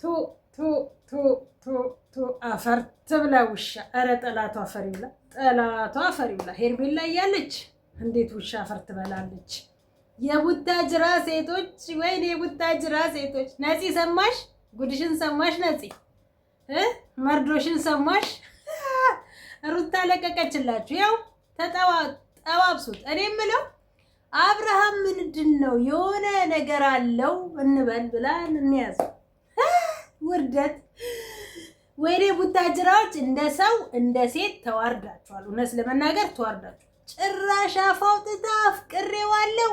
ቱ አፈር ትብላ ውሻ። ኧረ ጠላቷ አፈር ይብላ፣ ጠላቷ አፈር ይብላ። ሄርሜላ ያለች እንዴት ውሻ አፈር ትበላለች? የቡታጅራ ሴቶች ወይኔ የቡታጅራ ሴቶች። ነፂ ሰማሽ? ጉድሽን ሰማሽ? ነፂ መርዶሽን ሰማሽ? ሩታ ለቀቀችላችሁ። ያው ተጠባብሱት። እኔ የምለው አብርሃም ምንድን ነው የሆነ ነገር አለው እንበል ብላ እንያዘው ውርደት ወይኔ ቡታጅራዎች እንደ ሰው እንደ ሴት ተዋርዳችኋል። እውነት ለመናገር ተዋርዳችኋል። ጭራሽ አፋውጥታ አፍቅሬዋለሁ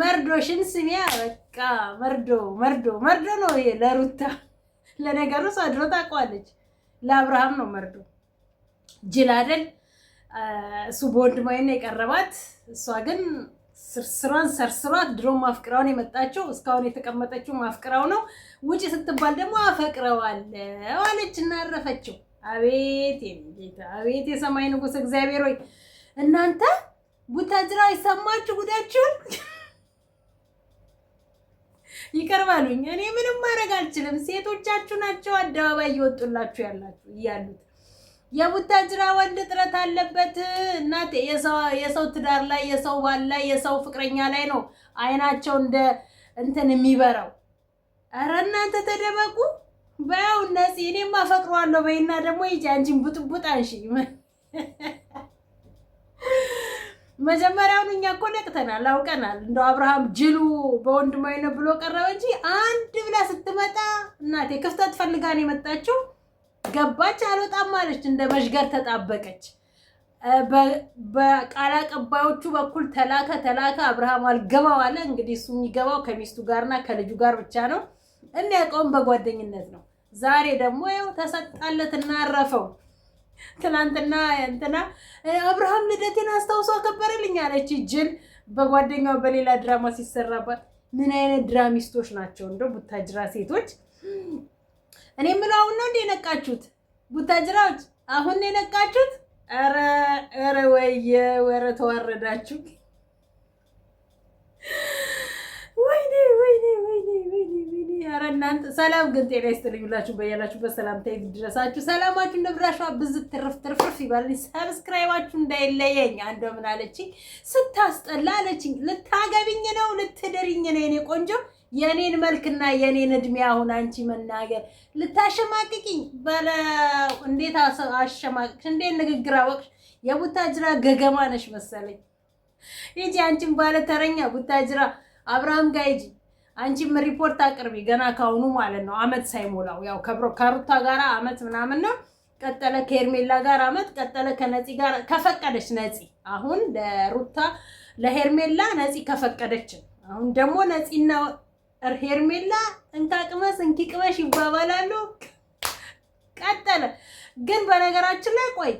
መርዶሽን ስሚያ። በቃ መርዶ መርዶ መርዶ ነው ይሄ ለሩታ። ለነገሩ አድሮ ታውቀዋለች። ለአብርሃም ነው መርዶ። ጅል አይደል እሱ በወንድማዊና የቀረባት እሷ ግን ስርስሯን ሰርስሯት ድሮ ማፍቅራውን የመጣችው እስካሁን የተቀመጠችው ማፍቅራው ነው። ውጭ ስትባል ደግሞ አፈቅረዋለሁ አለች እና አረፈችው። አቤት ጌታ፣ አቤት የሰማይ ንጉሥ እግዚአብሔር ሆይ እናንተ ቡታጅራ ይሰማችሁ ጉዳችሁን ይቀርባሉኝ። እኔ ምንም ማድረግ አልችልም። ሴቶቻችሁ ናቸው አደባባይ እየወጡላችሁ ያላችሁ እያሉት የቡታጅራ ወንድ ጥረት አለበት። እናቴ የሰው ትዳር ላይ የሰው ባል ላይ የሰው ፍቅረኛ ላይ ነው አይናቸው እንደ እንትን የሚበራው። ኧረ እናንተ ተደበቁ በያው እነዚህ እኔም አፈቅረዋለሁ በይና ደግሞ ይጂ አንቺን ቡጥቡጥ አንሺ። መጀመሪያውን እኛ እኮ ነቅተናል፣ አውቀናል። እንደው አብርሃም ጅሉ በወንድማዊነት ብሎ ቀረበ እንጂ አንድ ብላ ስትመጣ እናቴ ክፍተት ፈልጋን የመጣችው ገባች አልወጣም አለች። እንደ መሽገር ተጣበቀች። በቃል አቀባዮቹ በኩል ተላከ ተላከ አብርሃም አልገባው አለ። እንግዲህ እሱ የሚገባው ከሚስቱ ጋርና ከልጁ ጋር ብቻ ነው። የሚያውቀውም በጓደኝነት ነው። ዛሬ ደግሞ ያው ተሰጣለትና አረፈው። ትናንትና እንትና አብርሃም ልደቴን አስታውሶ አከበረልኝ አለች ጅል በጓደኛው በሌላ ድራማ ሲሰራባት። ምን አይነት ድራሚስቶች ናቸው እንደ ቡታጅራ ሴቶች እኔ የምለው አሁን ነው እንደ የነቃችሁት ቡታጅራዎች፣ አሁን ነው የነቃችሁት? ኧረ ኧረ ወየ ወረ ተዋረዳችሁ። ወይኔ ወይኔ ወይኔ ወይኔ ወይኔ! ኧረ እናንተ ሰላም ግን ጤና ይስጥልኝ ብላችሁ በያላችሁበት ሰላምታ ይድረሳችሁ። ሰላማችሁ ነብራሽዋ ብዙ ትርፍ ትርፍ ይባልልኝ። ሰብስክራይባችሁ እንዳይለየኝ። አንዷ ምን አለችኝ? ስታስጠላ አለችኝ። ልታገብኝ ነው ልትድርኝ ነው የኔ ቆንጆ የኔን መልክና የኔን እድሜ አሁን አንቺ መናገር ልታሸማቅቂኝ በለ። እንዴት አሸማቅቅሽ? እንዴት ንግግር አወቅሽ? የቡታጅራ ገገማ ነሽ መሰለኝ። ሂጂ አንቺም ባለ ተረኛ ቡታጅራ አብርሃም ጋር ሂጂ። አንቺም ሪፖርት አቅርቢ ገና ካሁኑ ማለት ነው፣ አመት ሳይሞላው ያው ከሩታ ጋር አመት ምናምን ነው ቀጠለ ከሄርሜላ ጋር አመት ቀጠለ ከነፂ ጋር ከፈቀደች ነፂ አሁን ለሩታ ለሄርሜላ ነፂ ከፈቀደችን አሁን ደግሞ ነፂና ሄርሜላ እንካቅመስ እንኪቅመሽ ይባባላሉ። ቀጠለ ግን በነገራችን ላይ ቆይ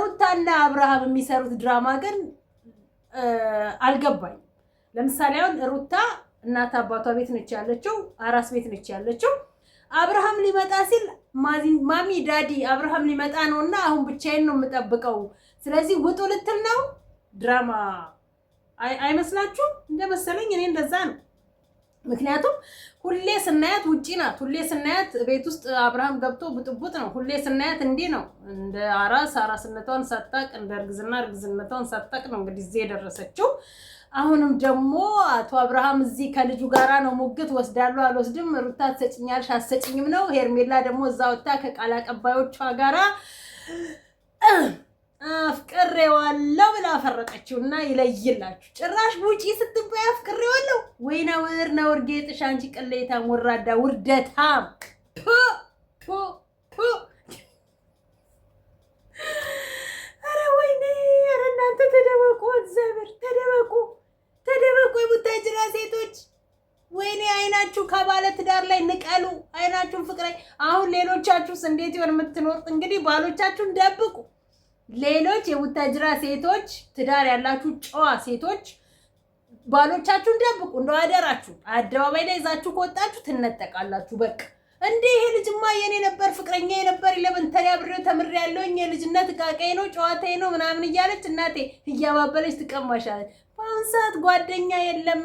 ሩታና አብርሃም የሚሰሩት ድራማ ግን አልገባኝ። ለምሳሌ አሁን ሩታ እናት አባቷ ቤት ነች ያለችው፣ አራስ ቤት ነች ያለችው። አብርሃም ሊመጣ ሲል ማሚ ዳዲ አብርሃም ሊመጣ ነው እና አሁን ብቻዬን ነው የምጠብቀው፣ ስለዚህ ውጡ ልትል ነው። ድራማ አይመስላችሁ እንደመሰለኝ እኔ እንደዛ ነው። ምክንያቱም ሁሌ ስናያት ውጪ ናት። ሁሌ ስናያት ቤት ውስጥ አብርሃም ገብቶ ብጥቡጥ ነው። ሁሌ ስናያት እንዲህ ነው። እንደ አራስ አራስነቷን ሳታቅ፣ እንደ እርግዝና እርግዝነቷን ሳታቅ ነው እንግዲህ እዚህ የደረሰችው። አሁንም ደግሞ አቶ አብርሃም እዚህ ከልጁ ጋራ ነው ሙግት ወስዳሉ አልወስድም፣ ሩታ ትሰጭኛለሽ አትሰጭኝም ነው። ሄርሜላ ደግሞ እዛ ወታ ከቃል አቀባዮቿ ጋራ አፍቅሬዋለሁ ብላ አፈረቀችው እና ይለይላችሁ። ጭራሽ ውጪ ስትባይ አፍቅሬዋለሁ ወይ ነውር ነውር ጌጥሽ አንቺ ቅሌታም ወራዳ ውርደታም። ኧረ ወይኔ! ኧረ እናንተ ተደበቁ፣ እግዚአብሔር ተደበቁ፣ ተደበቁ የቡታጅራ ሴቶች። ወይኔ አይናችሁ ከባለ ትዳር ላይ ንቀሉ፣ አይናችሁን ፍቅር ላይ አሁን ሌሎቻችሁስ እንዴት ይሆን የምትኖሩት? እንግዲህ ባሎቻችሁን ደብቁ። ሌሎች የቡታጅራ ሴቶች ትዳር ያላችሁ ጨዋ ሴቶች ባሎቻችሁን ደብቁ። እንደው አደራችሁ አደባባይ ላይ ይዛችሁ ከወጣችሁ ትነጠቃላችሁ። በቃ እንዴ ይሄ ልጅማ የኔ ነበር ፍቅረኛ የነበር ለምን ተሪያ አብሬ ተምር ያለውኝ የልጅነት እቃቃዬ ነው ጨዋታዬ ነው ምናምን እያለች እናቴ እያባበለች ትቀማሻለች። በአሁን ሰዓት ጓደኛ የለም፣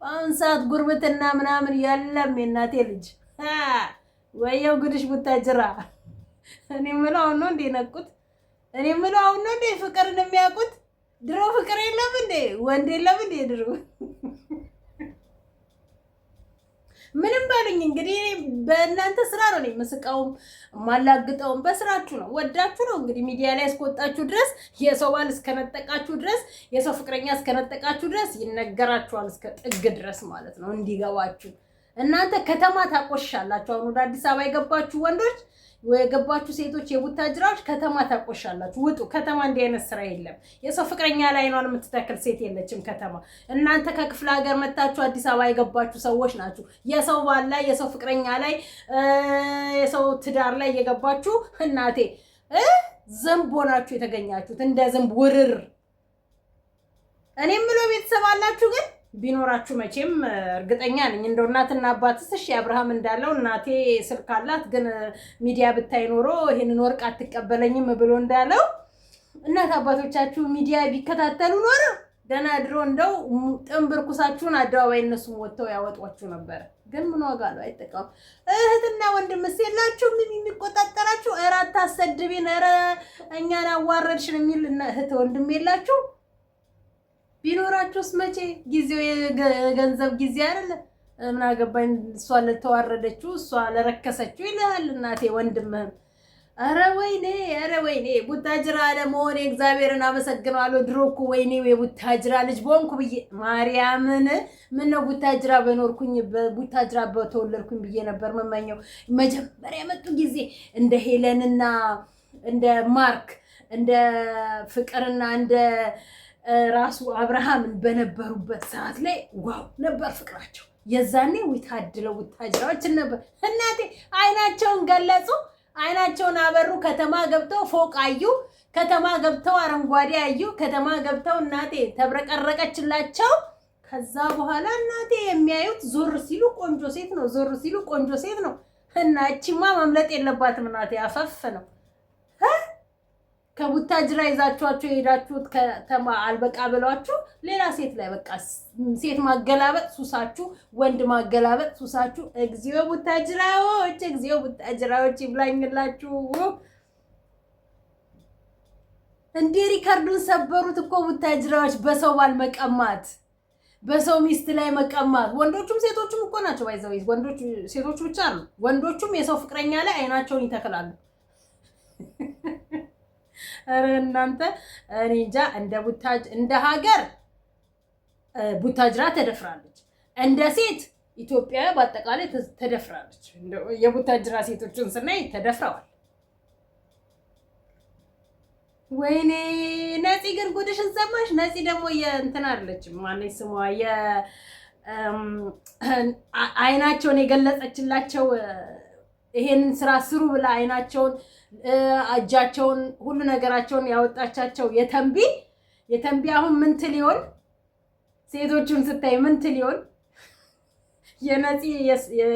በአሁን ሰዓት ጉርብትና ምናምን የለም። የእናቴ ልጅ ወየው ጉድሽ ቡታጅራ እኔ ምለው ነው እንዴ ነቁት እኔ የምለው አሁን ነው እንዴ ፍቅርን የሚያውቁት? ድሮ ፍቅር የለም እንዴ ወንድ የለም እንዴ ድሮ? ምንም ባሉኝ እንግዲህ በእናንተ ስራ ነው እኔ የምስቃውም የማላግጠውም በስራችሁ ነው። ወዳችሁ ነው እንግዲህ ሚዲያ ላይ እስከወጣችሁ ድረስ የሰው ባል እስከነጠቃችሁ ድረስ የሰው ፍቅረኛ እስከነጠቃችሁ ድረስ ይነገራችኋል፣ እስከ ጥግ ድረስ ማለት ነው እንዲገባችሁ። እናንተ ከተማ ታቆሻላችሁ። አሁን ወደ አዲስ አበባ የገባችሁ ወንዶች የገባችሁ ሴቶች የቡታጅራዎች ከተማ ታቆሻላችሁ፣ ውጡ። ከተማ እንዲህ አይነት ስራ የለም። የሰው ፍቅረኛ ላይ ነው የምትተክል ሴት የለችም ከተማ። እናንተ ከክፍለ ሀገር መታችሁ አዲስ አበባ የገባችሁ ሰዎች ናችሁ። የሰው ባል ላይ፣ የሰው ፍቅረኛ ላይ፣ የሰው ትዳር ላይ የገባችሁ እናቴ ዝንብ ሆናችሁ የተገኛችሁት እንደ ዝንብ ውርር። እኔ ምሎ ቤተሰብ አላችሁ ግን ቢኖራችሁ መቼም እርግጠኛ ነኝ እንደው እናትና አባትስ እሺ፣ አብርሃም እንዳለው እናቴ ስልክ አላት፣ ግን ሚዲያ ብታይ ኖሮ ይሄንን ወርቅ አትቀበለኝም ብሎ እንዳለው እናት አባቶቻችሁ ሚዲያ ቢከታተሉ ኖረ ገና ድሮ እንደው ጥንብር ኩሳችሁን አደባባይ እነሱም ወጥተው ያወጧችሁ ነበረ። ግን ምን ዋጋ አለው? አይጠቀም። እህትና ወንድምስ የላችሁ? ምን የሚቆጣጠራችሁ? ኧረ አታሰድቢን፣ ኧረ እኛን አዋረድሽን የሚል እህት ወንድም የላችሁ? ቢኖራችሁስ መቼ ጊዜው የገንዘብ ጊዜ አይደለ? ምን አገባኝ እሷ ለተዋረደችው እሷ ለረከሰችው ይልሃል እናቴ ወንድምህም። ኧረ ወይኔ ኧረ ወይኔ ቡታጅራ ለመሆን እግዚአብሔርን አመሰግነዋለሁ። ድሮ እኮ ወይኔ የቡታጅራ ልጅ በሆንኩ ብዬ ማርያምን ነው ቡታጅራ በኖርኩኝ ቡታጅራ በተወለድኩኝ ብዬ ነበር መመኘው። መጀመሪያ የመጡ ጊዜ እንደ ሄለንና እንደ ማርክ እንደ ፍቅርና እንደ ራሱ አብርሃምን በነበሩበት ሰዓት ላይ ዋው ነበር ፍቅራቸው። የዛኔ ዊታድለው ውታጅራዎችን ነበር። እናቴ አይናቸውን ገለጹ፣ አይናቸውን አበሩ። ከተማ ገብተው ፎቅ አዩ፣ ከተማ ገብተው አረንጓዴ አዩ፣ ከተማ ገብተው እናቴ ተብረቀረቀችላቸው። ከዛ በኋላ እናቴ የሚያዩት ዞር ሲሉ ቆንጆ ሴት ነው፣ ዞር ሲሉ ቆንጆ ሴት ነው። እናቺማ መምለጥ የለባትም እናቴ አፈፍ ነው። ከቡታጅራ ይዛችኋቸው የሄዳችሁት ከተማ አልበቃ ብሏችሁ ሌላ ሴት ላይ በቃ ሴት ማገላበጥ ሱሳችሁ፣ ወንድ ማገላበጥ ሱሳችሁ። እግዚኦ ቡታጅራዎች፣ እግዚኦ ቡታጅራዎች ይብላኝላችሁ። እንዴ ሪከርዱን ሰበሩት እኮ ቡታጅራዎች፣ በሰው ባል መቀማት፣ በሰው ሚስት ላይ መቀማት። ወንዶቹም ሴቶቹም እኮ ናቸው ባይዘው፣ ወንዶች ሴቶቹ ብቻ ነው። ወንዶቹም የሰው ፍቅረኛ ላይ አይናቸውን ይተክላሉ። ኧረ እናንተ እኔ እንጃ። እንደ ቡታጅ እንደ ሀገር ቡታጅራ ተደፍራለች፣ እንደ ሴት ኢትዮጵያ በአጠቃላይ ተደፍራለች። የቡታጅራ ሴቶችን ስናይ ተደፍረዋል። ወይኔ ነፂ ግን ጉድሽን ሰማሽ? ነፂ ደግሞ የእንትን አለች ማነች ስሟ? አይናቸውን የገለጸችላቸው ይሄንን ስራ ስሩ ብላ አይናቸውን እጃቸውን ሁሉ ነገራቸውን ያወጣቻቸው የተንቢ የተንቢ አሁን ምን ትል ይሆን? ሴቶቹን ስታይ ምን ትል ይሆን? የነፂ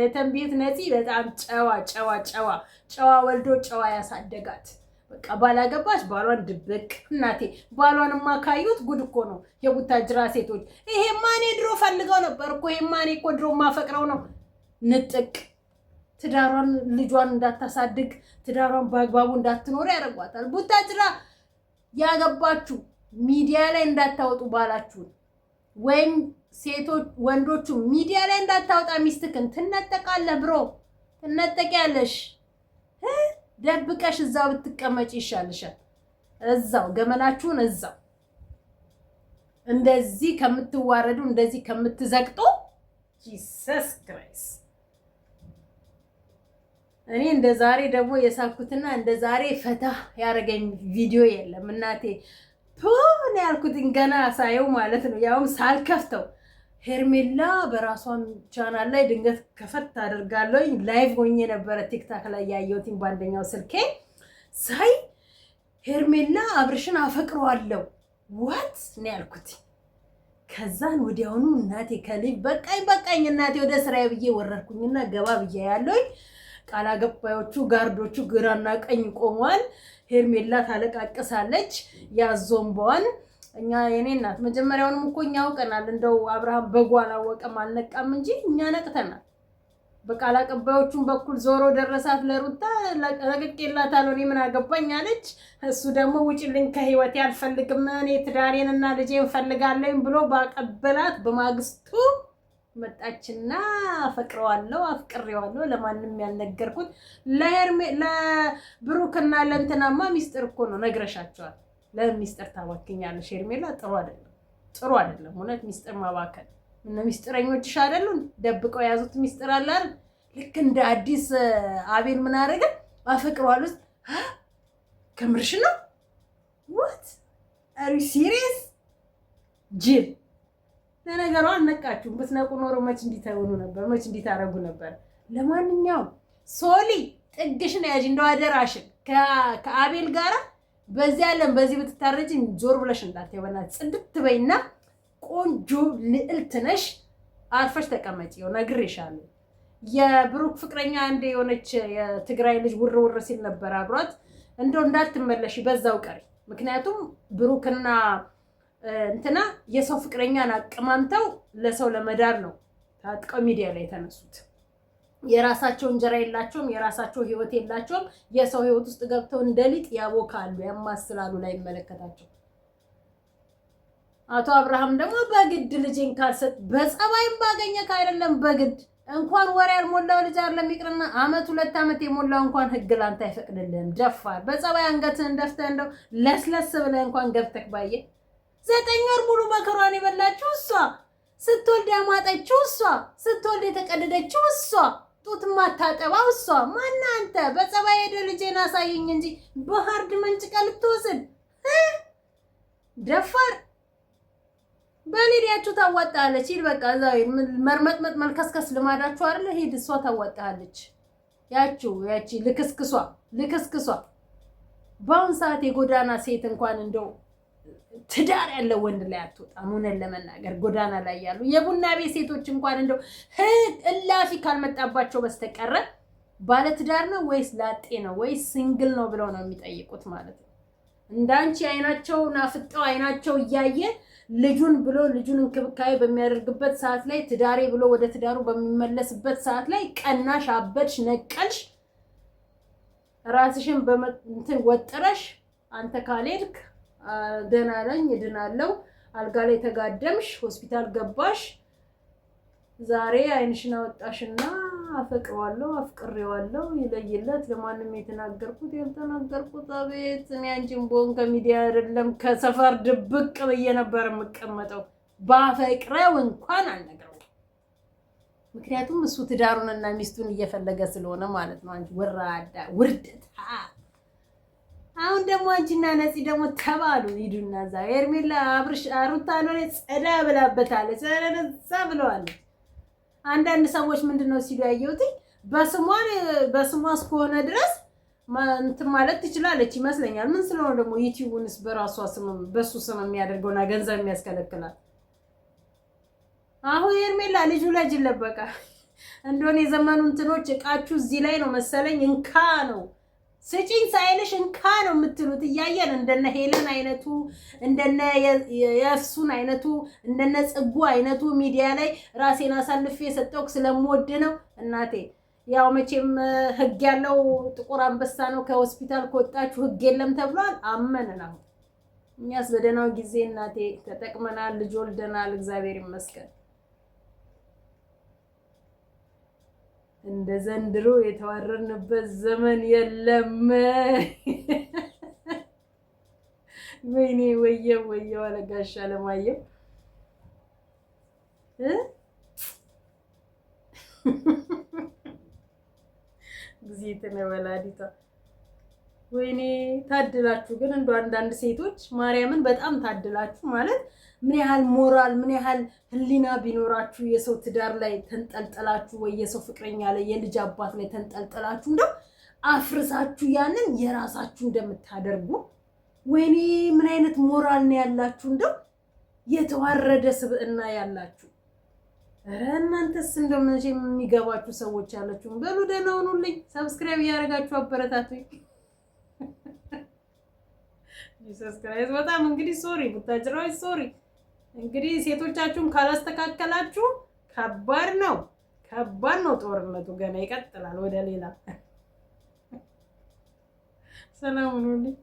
የተንቢት ነፂ በጣም ጨዋ ጨዋ ጨዋ ጨዋ ወልዶ ጨዋ ያሳደጋት በቃ ባላገባች ባሏን ድብቅ እናቴ ባሏን ማካዩት ጉድ እኮ ነው የቡታጅራ ሴቶች። ይሄማ እኔ ድሮ ፈልገው ነበር እኮ ይሄማ እኔ እኮ ድሮ ማፈቅረው ነው ንጥቅ ትዳሯን ልጇን እንዳታሳድግ ትዳሯን በአግባቡ እንዳትኖር ያደርጓታል። ቡታጅራ ያገባችሁ ሚዲያ ላይ እንዳታወጡ ባላችሁን፣ ወይም ሴቶች ወንዶቹ ሚዲያ ላይ እንዳታወጣ ሚስትክን። ትነጠቃለህ ብሮ ትነጠቂያለሽ። ደብቀሽ እዛው ብትቀመጭ ይሻልሻል። እዛው ገመናችሁን እዛው እንደዚህ ከምትዋረዱ እንደዚህ ከምትዘግጡ ጂሰስ ክራይስት እኔ እንደ ዛሬ ደግሞ የሳኩትና እንደ ዛሬ ፈታ ያደረገኝ ቪዲዮ የለም እናቴ። ቶን ያልኩትን ገና ሳየው ማለት ነው፣ ያውም ሳልከፍተው ሄርሜላ በራሷን ቻናል ላይ ድንገት ከፈት አደርጋለኝ። ላይቭ ሆኜ ነበረ ቲክታክ ላይ ያየሁትን በአንደኛው ስልኬ ሳይ ሄርሜላ አብርሽን አፈቅረዋለው ዋት ነው ያልኩት። ከዛን ወዲያውኑ እናቴ ከልጅ በቃኝ በቃኝ እናቴ ወደ ስራዬ ብዬ ወረድኩኝና ገባ ብዬ ያለኝ ቃል አቀባዮቹ ጋርዶቹ ግራና ቀኝ ቆመዋል። ሄርሜላ ታለቃቅሳለች፣ ያዞምበዋል። እኛ የኔ እናት መጀመሪያውንም እኮ እኛ አውቀናል። እንደው አብርሃም በጎ አላወቀም አልነቃም እንጂ እኛ ነቅተናል። በቃል አቀባዮቹን በኩል ዞሮ ደረሳት ለሩታ ለቅቄላት አልሆን ምን አገባኝ አለች። እሱ ደግሞ ውጭልኝ ከህይወቴ አልፈልግም እኔ ትዳሬን እና ልጄ እንፈልጋለኝ ብሎ ባቀበላት በማግስቱ መጣችና አፈቅረዋለሁ አፍቅሬዋለሁ ለማንም ያልነገርኩት ለብሩክና ለእንትናማ ሚስጥር እኮ ነው ነግረሻቸዋል። ለምን ሚስጥር ታባክኛለሽ? ሄርሜላ ጥሩ አይደለም፣ ጥሩ አይደለም። እውነት ሚስጥር ማባከል እነ ሚስጥረኞችሽ አይደሉ ደብቀው የያዙት ሚስጥር አለ አይደል? ልክ እንደ አዲስ አቤል ምን አደረገ? አፈቅረዋለሁ ውስጥ ከምርሽ ነው? ዋት አር ዩ ሲሪየስ ጅል ለነገሩ አልነቃችሁም። ብትነቁ ኖሮ መች እንዲትሆኑ ነበር፣ መች እንዲታረጉ ነበር። ለማንኛውም ሶሊ ጥግሽን ያዥ፣ እንደው አደራሽን ከአቤል ጋራ በዚህ ዓለም በዚህ ብትታረጂ ዞር ብለሽ እንዳት የበላ ጽድት በይና ቆንጆ ልዕልት ነሽ፣ አርፈሽ ተቀመጪ። ይኸው ነግሬሻለሁ። የብሩክ ፍቅረኛ እንደ የሆነች የትግራይ ልጅ ውር ውር ሲል ነበር አብሯት። እንደው እንዳትመለሽ በዛው ቀሪ። ምክንያቱም ብሩክና እንትና የሰው ፍቅረኛን አቀማምተው ለሰው ለመዳር ነው ታጥቀው ሚዲያ ላይ የተነሱት። የራሳቸው እንጀራ የላቸውም፣ የራሳቸው ህይወት የላቸውም። የሰው ህይወት ውስጥ ገብተው እንደሊጥ ያቦካሉ፣ ያማስላሉ፣ ላይ ይመለከታቸው። አቶ አብርሃም ደግሞ በግድ ልጅን ካልሰጥ በጸባይም ባገኘ አይደለም በግድ እንኳን ወር ያልሞላው ልጅ አለ ይቅርና አመት ሁለት አመት የሞላው እንኳን ህግ ላንተ አይፈቅድልህም። ደፋር በጸባይ አንገትህን ደፍተህ እንደው ለስለስ ብለህ እንኳን ገብተክ ባየ ዘጠኝ ወር ሙሉ መከሯን የበላችው እሷ፣ ስትወልድ ያማጠችው እሷ፣ ስትወልድ የተቀደደችው እሷ፣ ጡት ማታጠባው እሷ። ማነህ አንተ? በጸባይ ሄደ ልጄን አሳየኝ እንጂ በሃርድ መንጭቃ ልትወስድ ደፋር በሊዲያችሁ ታዋጣለች። ሂድ በቃ እዛ መርመጥመጥ መልከስከስ ልማዳችሁ አይደለ? ሂድ እሷ ታዋጣለች። ያችሁ ያቺ ልክስክሷ ልክስክሷ በአሁን ሰዓት የጎዳና ሴት እንኳን እንደው ትዳር ያለው ወንድ ላይ አትወጣም። እውነት ለመናገር ጎዳና ላይ ያሉ የቡና ቤት ሴቶች እንኳን እንደው እላፊ ካልመጣባቸው በስተቀረ ባለትዳር ነው ወይስ ላጤ ነው ወይስ ሲንግል ነው ብለው ነው የሚጠይቁት ማለት ነው። እንዳንቺ አይናቸው ናፍጠው አይናቸው እያየ ልጁን ብሎ ልጁን እንክብካቤ በሚያደርግበት ሰዓት ላይ ትዳሬ ብሎ ወደ ትዳሩ በሚመለስበት ሰዓት ላይ ቀናሽ፣ አበድሽ፣ ነቀልሽ፣ ራስሽን በእንትን ወጥረሽ አንተ ካልሄድክ ደህና ነኝ እድናለሁ፣ አልጋ ላይ ተጋደምሽ፣ ሆስፒታል ገባሽ፣ ዛሬ አይንሽን አወጣሽና አፈቅረዋለሁ፣ አፍቅሬዋለሁ፣ ይለይለት። ለማንም የተናገርኩት ያልተናገርኩት አቤት እኔ አንቺን ቦን ከሚዲያ አይደለም ከሰፈር ድብቅ ብዬ ነበር የምቀመጠው። ባፈቅረው እንኳን አልነግረው። ምክንያቱም እሱ ትዳሩንና ሚስቱን እየፈለገ ስለሆነ ማለት ነው። አንቺ ወራዳ ውርደት አሁን ደግሞ አንቺና ነፂ ደግሞ ተባሉ ሂዱና እዛ ሄርሜላ አብርሽ አሩታ ነው ጸዳ ብላበታለች። ስለነዛ ብለዋለች። አንዳንድ ሰዎች ምንድን ነው ሲሉ ያየሁት በስሟን በስሟ እስከሆነ ድረስ እንትን ማለት ትችላለች ይመስለኛል። ምን ስለሆነ ደግሞ ዩቲዩብንስ በራሷ ስም በሱ ስም የሚያደርገውና ገንዘብ የሚያስከለክላል። አሁን ሄርሜላ ልጁ ለጅ ለበቃ እንደሆነ የዘመኑ እንትኖች እቃችሁ እዚህ ላይ ነው መሰለኝ እንካ ነው ስጪኝ ሳይልሽ እንካ ነው የምትሉት። እያየን እንደነ ሄለን አይነቱ እንደነ የእሱን አይነቱ እንደነ ጽጉ አይነቱ ሚዲያ ላይ ራሴን አሳልፌ የሰጠው ስለምወድ ነው እናቴ። ያው መቼም ህግ ያለው ጥቁር አንበሳ ነው። ከሆስፒታል ከወጣችሁ ህግ የለም ተብሏል። አመንን። አሁን እኛስ በደህናው ጊዜ እናቴ ተጠቅመናል፣ ልጅ ወልደናል። እግዚአብሔር ይመስገን። እንደ ዘንድሮ የተዋረርንበት ዘመን የለም። ወይኔ ወየው ወየው ጋሻ ለማየው ጊዜ ዲታ ወይኔ ታድላችሁ ግን እንደ አንዳንድ ሴቶች ማርያምን በጣም ታድላችሁ ማለት ምን ያህል ሞራል ምን ያህል ህሊና ቢኖራችሁ የሰው ትዳር ላይ ተንጠልጠላችሁ ወይ የሰው ፍቅረኛ ላይ የልጅ አባት ላይ ተንጠልጠላችሁ እንደው አፍርሳችሁ ያንን የራሳችሁ እንደምታደርጉ ወይኔ ምን አይነት ሞራል ነው ያላችሁ? እንደው የተዋረደ ስብዕና ያላችሁ ኧረ እናንተስ እንደው ምን የሚገባችሁ ሰዎች ያላችሁ በሉ ደህና ሁኑልኝ። ሰብስክራይብ እያደረጋችሁ አበረታቱኝ። በጣም እንግዲህ ሶሪ ቡታጅራዎች ሶሪ እንግዲህ ሴቶቻችሁን ካላስተካከላችሁ ከባድ ነው፣ ከባድ ነው። ጦርነቱ ገና ይቀጥላል ወደ ሌላ ሰላም